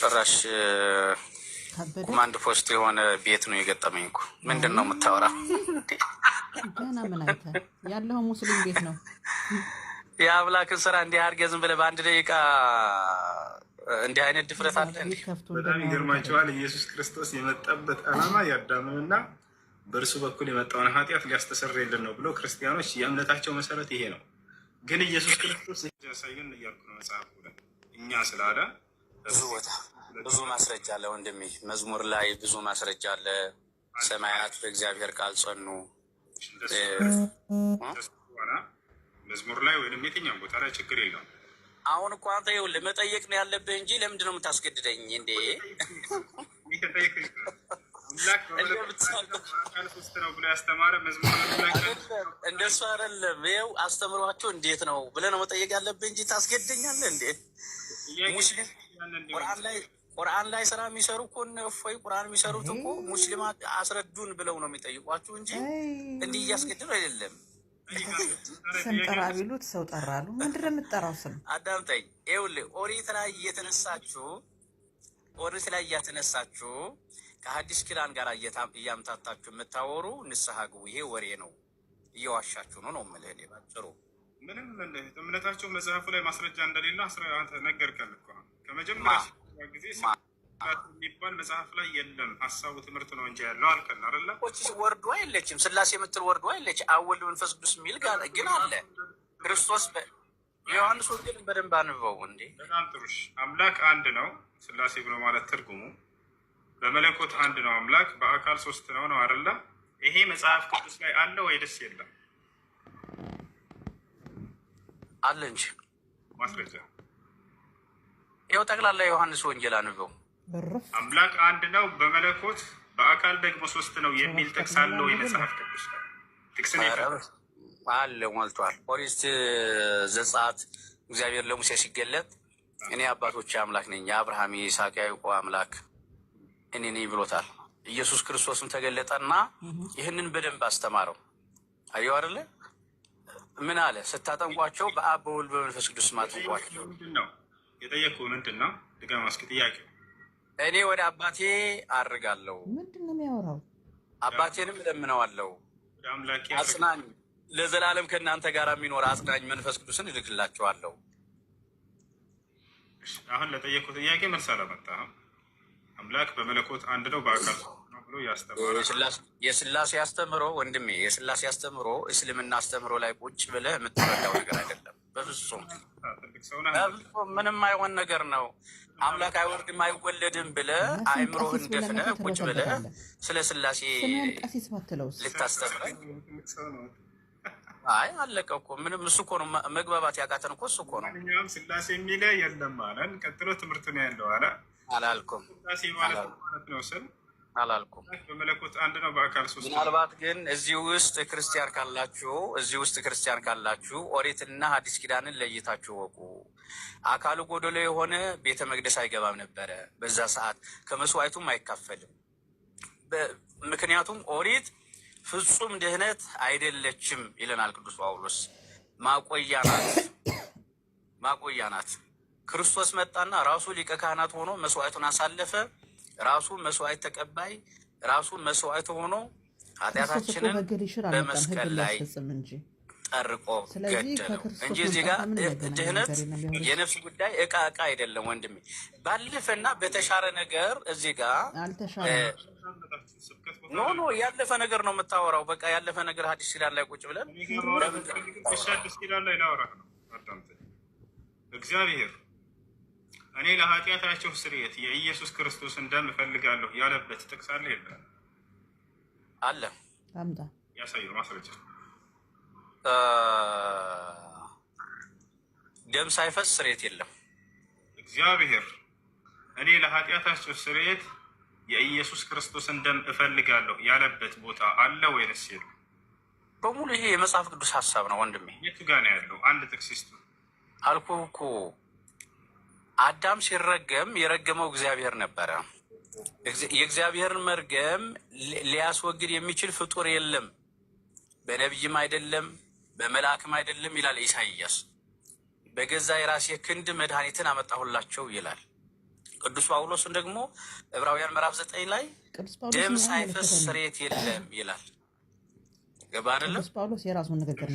ጭራሽ ኮማንድ ፖስት የሆነ ቤት ነው የገጠመኝ እኮ። ምንድን ነው የምታወራ? ገና ምን ያለው ሙስሊም ቤት ነው። የአምላክን ስራ እንዲህ አድርገህ ዝም ብለህ በአንድ ደቂቃ እንዲህ አይነት ድፍረት አለ። በጣም ይገርማቸዋል። ኢየሱስ ክርስቶስ የመጣበት ዓላማ ያዳምንና በእርሱ በኩል የመጣውን ኃጢአት ሊያስተሰርይልን ነው ብሎ ክርስቲያኖች የእምነታቸው መሰረት ይሄ ነው። ግን ኢየሱስ ክርስቶስ ያሳየን እያልኩ ነው። መጽሐፍ ላይ እኛ ስላለ ብዙ ቦታ ብዙ ማስረጃ አለ ወንድሜ፣ መዝሙር ላይ ብዙ ማስረጃ አለ። ሰማያት በእግዚአብሔር ቃል ጸኑ፣ መዝሙር ላይ ወይም የትኛውም ቦታ ላይ ችግር የለውም። አሁን እኮ አንተ ይኸውልህ መጠየቅ ነው ያለብህ እንጂ ለምንድን ነው የምታስገድደኝ እንዴ? እንደሱ አይደለም። ይኸው አስተምሯቸው እንዴት ነው ብለህ ነው መጠየቅ ያለብህ እንጂ ታስገደኛለህ እንዴ? ቁርአን ላይ ስራ የሚሰሩ እኮ እፎይ፣ ቁርአን የሚሰሩት እኮ ሙስሊማት አስረዱን ብለው ነው የሚጠይቋችሁ እንጂ እንዲህ እያስገድሉ አይደለም። ስም ጠራ ቢሉት ሰው ጠራሉ። ምንድን ነው የምትጠራው ስም? አዳምጠኝ። ይኸውልህ ኦሪት ላይ እየተነሳችሁ ኦሪት ላይ እያተነሳችሁ ከሐዲስ ኪዳን ጋር እያምታታችሁ የምታወሩ ንስሐ ግቡ። ይሄ ወሬ ነው፣ እየዋሻችሁ ነው ነው የምልህ እኔ ባጭሩ። ምንም እምነታቸው መጽሐፉ ላይ ማስረጃ እንደሌለ ነገርከን እኮ ነው ከመጀመሪያ ጊዜ የሚባል መጽሐፍ ላይ የለም። ሀሳቡ ትምህርት ነው እንጂ ያለው አልከን አለ። ወርዶ የለችም ስላሴ የምትል ወርዶ የለች። አወል መንፈስ ቅዱስ የሚል ግን አለ። ክርስቶስ ዮሐንስ ወንጌልን በደንብ አንበው እንዴ። በጣም ጥሩሽ። አምላክ አንድ ነው ስላሴ ብሎ ማለት ትርጉሙ በመለኮት አንድ ነው አምላክ፣ በአካል ሶስት ነው ነው አይደለ? ይሄ መጽሐፍ ቅዱስ ላይ አለ ወይ ደስ የለም? አለ እንጂ ማስረጃ ይኸው ጠቅላላ ዮሐንስ ወንጌል አንብበው። አምላክ አንድ ነው፣ በመለኮት በአካል ደግሞ ሶስት ነው የሚል ጥቅስ ወይ መጽሐፍ ቅዱስ ላይ? ጥቅስን አለ ሞልቷል። ኦሪት ዘጸአት እግዚአብሔር ለሙሴ ሲገለጥ እኔ አባቶች አምላክ ነኝ የአብርሃም የይስሐቅ ያዕቆብ አምላክ እኔ ነኝ ብሎታል። ኢየሱስ ክርስቶስም ተገለጠና ይህንን በደንብ አስተማረው። አየው አይደለ? ምን አለ? ስታጠምቋቸው በአብ በወልድ በመንፈስ ቅዱስ ማጥምቋቸው። የጠየቅኩህ ምንድን ነው? ድጋም እስኪ ጥያቄው። እኔ ወደ አባቴ አድርጋለሁ፣ አባቴንም እለምነዋለሁ፣ አጽናኝ ለዘላለም ከእናንተ ጋር የሚኖር አጽናኝ መንፈስ ቅዱስን እልክላቸዋለሁ። አሁን ለጠየቅኩህ ጥያቄ መልስ አላመጣህም። አምላክ በመለኮት አንድ ነው በአካል ብሎ ያስተምሮ የስላሴ አስተምሮ ወንድሜ፣ የስላሴ አስተምሮ እስልምና አስተምሮ ላይ ቁጭ ብለህ የምትረዳው ነገር አይደለም። በፍጹም ምንም አይሆን ነገር ነው። አምላክ አይወርድም አይወለድም ብለህ አእምሮ እንደፍነ ቁጭ ብለህ ስለ ስላሴ ልታስተምረኝ? አይ አለቀ እኮ ምንም። እሱ እኮ ነው መግባባት ያቃተን እኮ እሱ እኮ ነው። ስላሴ የሚለ የለም አለን። ቀጥሎ ትምህርቱ ነው ያለው አለ አላልኩም አላልኩም። በመለኮት አንድ ነው፣ በአካል ሶስት። ምናልባት ግን እዚህ ውስጥ ክርስቲያን ካላችሁ እዚህ ውስጥ ክርስቲያን ካላችሁ ኦሪትና ሐዲስ ኪዳንን ለይታችሁ ወቁ። አካሉ ጎደሎ የሆነ ቤተ መቅደስ አይገባም ነበረ በዛ ሰዓት፣ ከመስዋዕቱም አይካፈልም። ምክንያቱም ኦሪት ፍጹም ድህነት አይደለችም ይለናል ቅዱስ ጳውሎስ። ማቆያ ናት፣ ማቆያ ናት። ክርስቶስ መጣና ራሱ ሊቀ ካህናት ሆኖ መስዋዕቱን አሳለፈ። ራሱ መስዋዕት ተቀባይ፣ ራሱ መስዋዕት ሆኖ ኃጢአታችንን በመስቀል ላይ ጠርቆ ገደለው እንጂ እዚህ ጋር ድህነት የነፍስ ጉዳይ እቃ እቃ አይደለም ወንድሜ። ባለፈና በተሻረ ነገር እዚህ ጋር ኖ ኖ ያለፈ ነገር ነው የምታወራው። በቃ ያለፈ ነገር ሐዲስ ኪዳን ላይ ቁጭ ብለን ሐዲስ ኪዳን ላይ ላወራህ ነው እግዚአብሔር እኔ ለኃጢአታቸው ስርየት የኢየሱስ ክርስቶስን ደም እፈልጋለሁ ያለበት ጥቅስ አለ የለም? አለ። ያሳዩ ማስረጃ ደም ሳይፈስ ስርየት የለም። እግዚአብሔር እኔ ለኃጢአታቸው ስርየት የኢየሱስ ክርስቶስን ደም እፈልጋለሁ ያለበት ቦታ አለ ወይንስ የለም? በሙሉ ይሄ የመጽሐፍ ቅዱስ ሀሳብ ነው ወንድሜ። የቱ ጋ ነው ያለው? አንድ ጥቅስ ይስጡ አልኩህ እኮ አዳም ሲረገም የረገመው እግዚአብሔር ነበረ። የእግዚአብሔርን መርገም ሊያስወግድ የሚችል ፍጡር የለም፣ በነቢይም አይደለም፣ በመልአክም አይደለም ይላል ኢሳይያስ። በገዛ የራሴ ክንድ መድኃኒትን አመጣሁላቸው ይላል። ቅዱስ ጳውሎስን ደግሞ ዕብራውያን ምዕራፍ ዘጠኝ ላይ ደም ሳይፈስ ስርየት የለም ይላል። ገባ አይደለም? ጳውሎስ ንግግር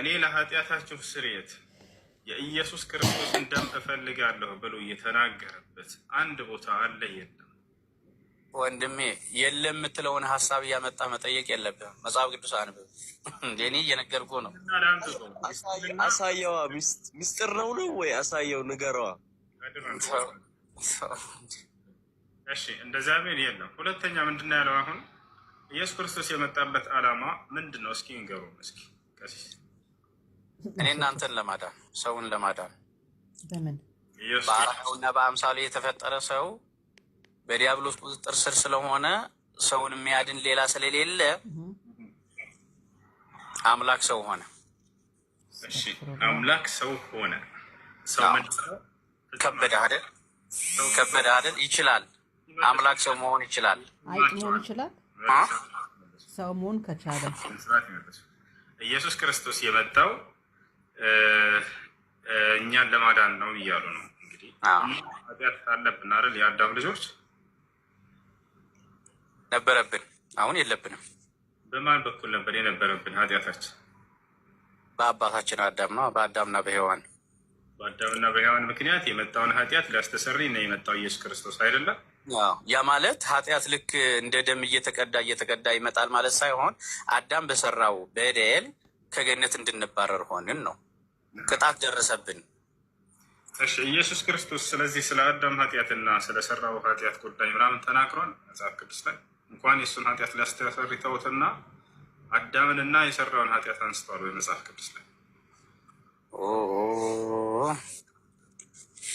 እኔ ለኃጢአታችሁ ስርየት የኢየሱስ ክርስቶስን ደም እፈልጋለሁ ብሎ የተናገረበት አንድ ቦታ አለ? የለም። ወንድሜ የለም የምትለውን ሀሳብ እያመጣ መጠየቅ የለብህም። መጽሐፍ ቅዱስ አንብብ። እንደኔ እየነገርኩ ነው። አሳየዋ። ሚስጥር ነው ነው ወይ? አሳየው፣ ንገረዋ። እሺ፣ እንደዚያ ሜን የለም። ሁለተኛ ምንድን ነው ያለው? አሁን ኢየሱስ ክርስቶስ የመጣበት አላማ ምንድን ነው? እስኪ እንገሩም እስኪ ቀሲስ እኔ እናንተን ለማዳን ሰውን ለማዳን በአርአያውና በአምሳሉ የተፈጠረ ሰው በዲያብሎስ ቁጥጥር ስር ስለሆነ ሰውን የሚያድን ሌላ ስለሌለ አምላክ ሰው ሆነ። አምላክ ሰው ሆነ። ከበደ አይደል? ከበደ አይደል? ይችላል። አምላክ ሰው መሆን ይችላል። አይጥ መሆን ይችላል። ሰው መሆን ከቻለ ኢየሱስ ክርስቶስ የመጣው እኛን ለማዳን ነው እያሉ ነው። እንግዲህ ኃጢአት አለብን አይደል? የአዳም ልጆች ነበረብን፣ አሁን የለብንም። በማን በኩል ነበር የነበረብን ኃጢአታችን? በአባታችን አዳም ነው። በአዳምና በሔዋን በአዳምና በሔዋን ምክንያት የመጣውን ኃጢአት ሊያስተሰርይ ነው የመጣው ኢየሱስ ክርስቶስ አይደለም። ያ ማለት ኃጢአት ልክ እንደ ደም እየተቀዳ እየተቀዳ ይመጣል ማለት ሳይሆን አዳም በሰራው በደል ከገነት እንድንባረር ሆንን ነው። ቅጣት ደረሰብን። እሺ ኢየሱስ ክርስቶስ ስለዚህ ስለ አዳም ኃጢአትና ስለሰራው ኃጢአት ጉዳይ ምናምን ተናግሯል መጽሐፍ ቅዱስ ላይ እንኳን የእሱን ኃጢአት ሊያስተሰርተውትና አዳምንና የሰራውን ኃጢአት አንስተዋል ወይ መጽሐፍ ቅዱስ ላይ?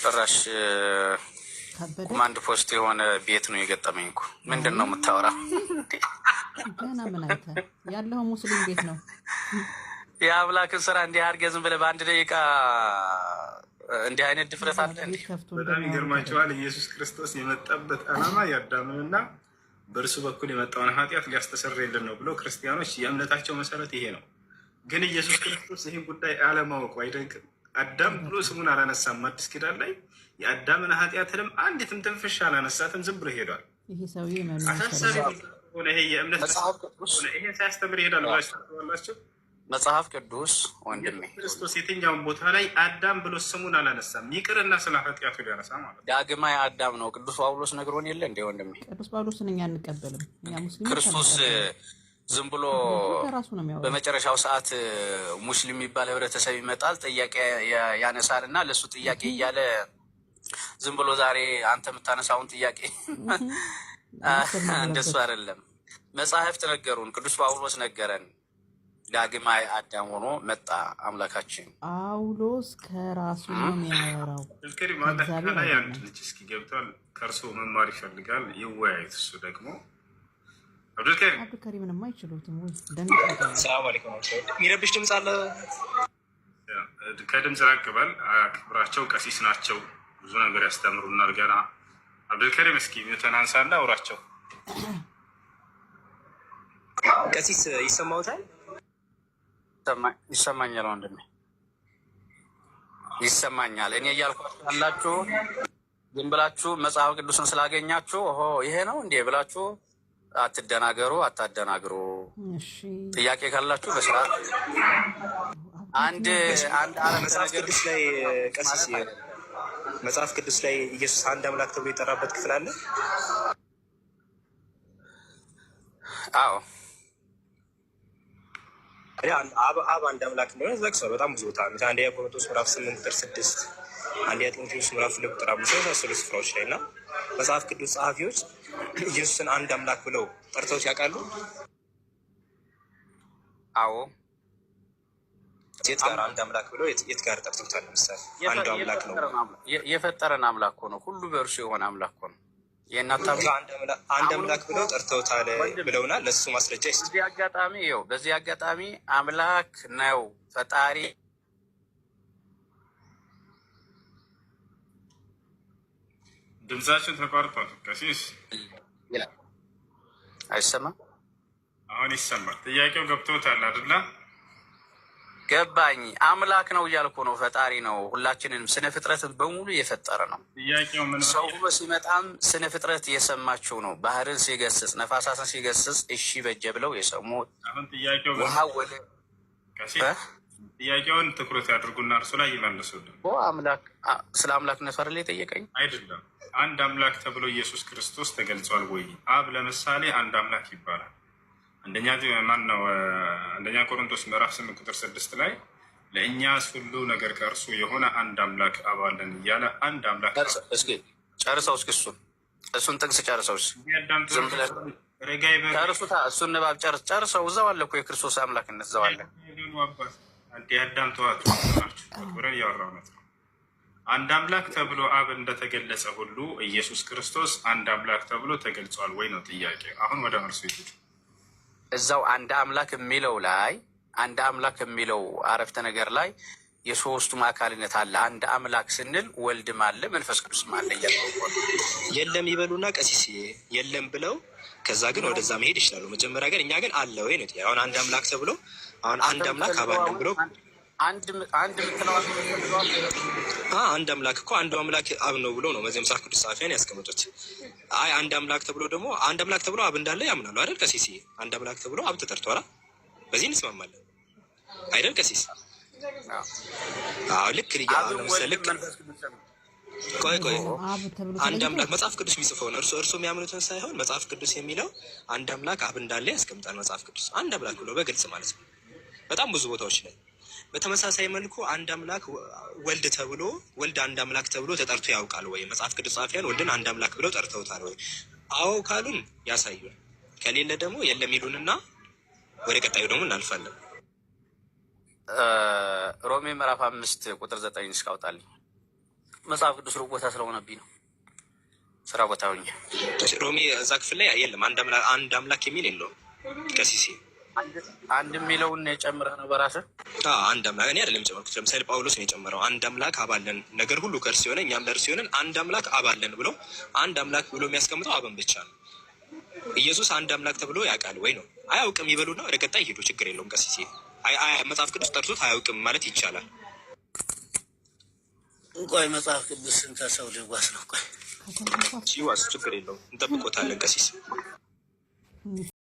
ጭራሽ ኮማንድ ፖስት የሆነ ቤት ነው የገጠመኝ እኮ። ምንድን ነው የምታወራ? ገና ምን ያለው ሙስሊም ቤት ነው የአምላክን ስራ እንዲህ አድርገህ ዝም ብለህ በአንድ ደቂቃ እንዲህ አይነት ድፍረት አለ። በጣም ይገርማቸዋል። ኢየሱስ ክርስቶስ የመጣበት ዓላማ ያዳምንና በእርሱ በኩል የመጣውን ኃጢአት ሊያስተሰርይልን ነው ብሎ ክርስቲያኖች የእምነታቸው መሰረት ይሄ ነው። ግን ኢየሱስ ክርስቶስ ይህን ጉዳይ አለማወቁ አይደንቅም። አዳም ብሎ ስሙን አላነሳም። አዲስ ኪዳን ላይ የአዳምን ኃጢአትንም አንዲትም ትንፍሻ አላነሳትም። ዝም ብሎ ይሄዷል። አሳሳቢ ሆነ። ይሄ የእምነት ይሄን ሳያስተምር ይሄዳል ባላቸው መጽሐፍ ቅዱስ ወንድሜ ክርስቶስ የትኛውን ቦታ ላይ አዳም ብሎ ስሙን አላነሳም። ይቅርና ስለ ኃጢአቱ ሊያነሳ ማለት ዳግማዊ አዳም ነው። ቅዱስ ጳውሎስ ነግሮን የለ እንደ ወንድሜ ቅዱስ ጳውሎስን እኛ አንቀበልም። ክርስቶስ ዝም ብሎ በመጨረሻው ሰዓት ሙስሊም የሚባል ህብረተሰብ ይመጣል፣ ጥያቄ ያነሳል እና ለእሱ ጥያቄ እያለ ዝም ብሎ ዛሬ አንተ የምታነሳውን ጥያቄ እንደሱ አይደለም። መጽሐፍት ነገሩን፣ ቅዱስ ጳውሎስ ነገረን ዳግማዊ አዳም ሆኖ መጣ አምላካችን። ጳውሎስ ከራሱ ነው የሚያወራው። እንግዲህ ማለት ላይ አንድ ልጅ እስኪ ገብቷል። ከእርሱ መማር ይፈልጋል። ይወያየት። እሱ ደግሞ አብዱልከሪም ምንም አይችሉትም ወይ የሚረብሽ ድምፅ አለ። ከድምፅ ራቅ በል። ክብራቸው ቀሲስ ናቸው። ብዙ ነገር ያስተምሩናል። ገና አብዱልከሪም እስኪ ሚዩትን አንሳና አውራቸው። ቀሲስ ይሰማውታል ይሰማኛል ወንድሜ ይሰማኛል። እኔ እያልኳችሁ ያላችሁ ግን ብላችሁ መጽሐፍ ቅዱስን ስላገኛችሁ ኦሆ ይሄ ነው እንዴ ብላችሁ አትደናገሩ፣ አታደናግሩ። ጥያቄ ካላችሁ በስራ አንድ አንድ መጽሐፍ ቅዱስ ላይ ቀሲስ መጽሐፍ ቅዱስ ላይ ኢየሱስ አንድ አምላክ ተብሎ የጠራበት ክፍል አለ። አዎ አብ አንድ አምላክ እንደሆነ ዘግሷል። በጣም ብዙ ቦታ ነው። አንደኛ ቆሮንቶስ ምዕራፍ ስምንት ቁጥር ስድስት አንደኛ ጢሞቴዎስ ምዕራፍ ሁለት ቁጥር አምስት የመሳሰሉ ስፍራዎች ላይ እና መጽሐፍ ቅዱስ ጸሐፊዎች ኢየሱስን አንድ አምላክ ብለው ጠርተው ያውቃሉ? አዎ። የት ጋር አንድ አምላክ ብለው የት ጋር ጠርተውታል? ለምሳሌ አንዱ አምላክ ነው። የፈጠረን አምላክ ሆነ ሁሉ በእርሱ የሆነ አምላክ ሆነ አንድ አምላክ ብለው ጠርተውታል ብለውና ለሱ ማስረጃ ይስ በዚህ አጋጣሚ ይኸው በዚህ አጋጣሚ አምላክ ነው ፈጣሪ ድምጻችን ተቋርጧል። ቀሲስ አይሰማም። አሁን ይሰማል። ጥያቄው ገብቶታል አይደለ? ገባኝ። አምላክ ነው እያልኩ ነው። ፈጣሪ ነው። ሁላችንንም ስነ ፍጥረትን በሙሉ የፈጠረ ነው። ሰው ሁሉ ሲመጣም ስነ ፍጥረት የሰማችው ነው። ባህርን ሲገስጽ፣ ነፋሳትን ሲገስጽ እሺ በጀ ብለው የሰሙ ውሃ ወደ ጥያቄውን ትኩረት ያድርጉና እርሱ ላይ ይመልሱልን። አምላክ ስለ አምላክነቱ አይደል የጠየቀኝ? አይደለም አንድ አምላክ ተብሎ ኢየሱስ ክርስቶስ ተገልጿል ወይ? አብ ለምሳሌ አንድ አምላክ ይባላል አንደኛ ማን ነው አንደኛ ቆሮንቶስ ምዕራፍ ስምንት ቁጥር ስድስት ላይ ለእኛስ ሁሉ ነገር ከእርሱ የሆነ አንድ አምላክ አባለን እያለ አንድ አምላክ ጨርሰው እስኪ እሱን እሱን ጥቅስ ጨርሰው እሱን ንባብ ጨርስ ጨርሰው እዛው አለ እኮ የክርስቶስ አምላክነት እዛው አለ። አዳም ተዋጡ እያወራሁ ነው። አንድ አምላክ ተብሎ አብ እንደተገለጸ ሁሉ ኢየሱስ ክርስቶስ አንድ አምላክ ተብሎ ተገልጿል ወይ ነው ጥያቄ። አሁን ወደ መርሶ ይሄዱ እዛው አንድ አምላክ የሚለው ላይ አንድ አምላክ የሚለው አረፍተ ነገር ላይ የሶስቱም አካልነት አለ። አንድ አምላክ ስንል ወልድም አለ መንፈስ ቅዱስም አለ እያለ የለም ይበሉና ቀሲስ የለም ብለው ከዛ ግን ወደዛ መሄድ ይችላሉ። መጀመሪያ ግን እኛ ግን አለ ወይ ነው አሁን አንድ አምላክ ተብሎ አሁን አንድ አምላክ አባለን ብሎ አንድ አምላክ እኮ አንዱ አምላክ አብ ነው ብሎ ነው በዚህ መጽሐፍ ቅዱስ ጸሐፊያን ያስቀመጡት። አይ አንድ አምላክ ተብሎ ደግሞ አንድ አምላክ ተብሎ አብ እንዳለ ያምናሉ አይደል? ቀሲስ አንድ አምላክ ተብሎ አብ ተጠርቷል። በዚህ እንስማማለን አይደል? ቀሲስ ልክ ልክ ቆይ ቆይ አንድ አምላክ መጽሐፍ ቅዱስ የሚጽፈው ነው። እርሱ እርሱ የሚያምኑትን ሳይሆን መጽሐፍ ቅዱስ የሚለው አንድ አምላክ አብ እንዳለ ያስቀምጣል መጽሐፍ ቅዱስ አንድ አምላክ ብሎ በግልጽ ማለት ነው። በጣም ብዙ ቦታዎች ላይ በተመሳሳይ መልኩ አንድ አምላክ ወልድ ተብሎ ወልድ አንድ አምላክ ተብሎ ተጠርቶ ያውቃል ወይ? መጽሐፍ ቅዱስ ጸሐፊያን ወልድን አንድ አምላክ ብለው ጠርተውታል ወይ? አዎ ካሉን ያሳዩን፣ ከሌለ ደግሞ የለም ይሉንና ወደ ቀጣዩ ደግሞ እናልፋለን። ሮሜ ምዕራፍ አምስት ቁጥር ዘጠኝ እስካውጣልኝ መጽሐፍ ቅዱስ ሩቅ ቦታ ስለሆነብኝ ነው። ስራ ቦታ ሆኜ ሮሜ እዛ ክፍል ላይ የለም አንድ አምላክ የሚል የለውም። ቀሲሴ አንድ የሚለውን የጨምረህ ነው በራስህ አንድ አምላክ። እኔ አይደለም የጨመርኩት፣ ለምሳሌ ጳውሎስ ነው የጨመረው። አንድ አምላክ አባለን ነገር ሁሉ ከእርሱ ሲሆነ እኛም ለእርሱ የሆነን አንድ አምላክ አባለን ብሎ አንድ አምላክ ብሎ የሚያስቀምጠው አብን ብቻ ነው። ኢየሱስ አንድ አምላክ ተብሎ ያውቃል ወይ ነው? አያውቅም። ይበሉና ወደ ቀጣይ ሂዱ፣ ችግር የለውም። ቀሲሴ መጽሐፍ ቅዱስ ጠርቶት አያውቅም ማለት ይቻላል። እንቋይ መጽሐፍ ቅዱስን ከሰው ልጓስ ነው። ቆይ ሲዋስ ችግር የለውም፣ እንጠብቆታለን ቀሲስ